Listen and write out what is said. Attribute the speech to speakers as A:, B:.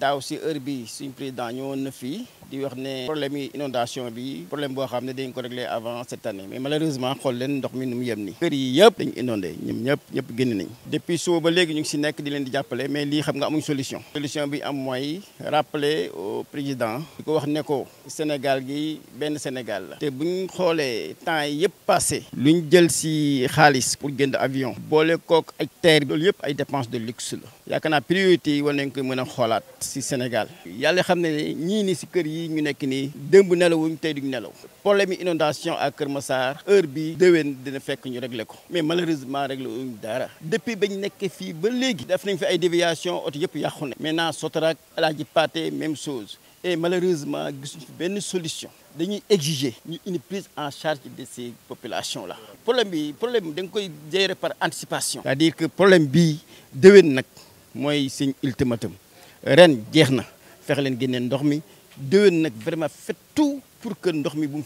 A: daaw si heure bi suñ président ñoo na fii di wax ne problème yi inondation bi problème boo xam ne dañ ko réglé avant cette année mais malheureusement xool leen ndox mi nu mu yem ni kër yi yëpp dañ inondé ñoom ñëpp ñëpp génn nañ depuis suba ba léegi ñu ngi si nekk di leen di jàppale mais lii xam nga amuñ solution solution bi am mooy rappeler au président di ko wax ne ko Sénégal gi benn Sénégal la te buñ xoolee temps yi yëpp passé luñ jël si xaalis pour jënd avion boole kook ak terre loolu yëpp ay dépenses de luxe la yaakaar naa priorité yi war nañ ko mën a xoolaat au Sénégal Il y a des ni qui kër yi ñu nekk nii démb nelawuñ tey duñ nelaw problème inondation à Kermassar, Massar heure bi ne dina fekk ñu mais malheureusement régler wuñ dara depuis bañ nekk fii ba léegi def nañ fi ay déviation oto yëpp yàqu maintenant Sotrac Alaaji Paté même chose et malheureusement gisuñ solution nous exiger une prise en charge de ces populations là problème bi problème da par anticipation c'est-à-dire que problème bi déwén moi mooy seen ultimatum ren jeex faire leen ndox mi vraiment fait tout pour que ndox mi bu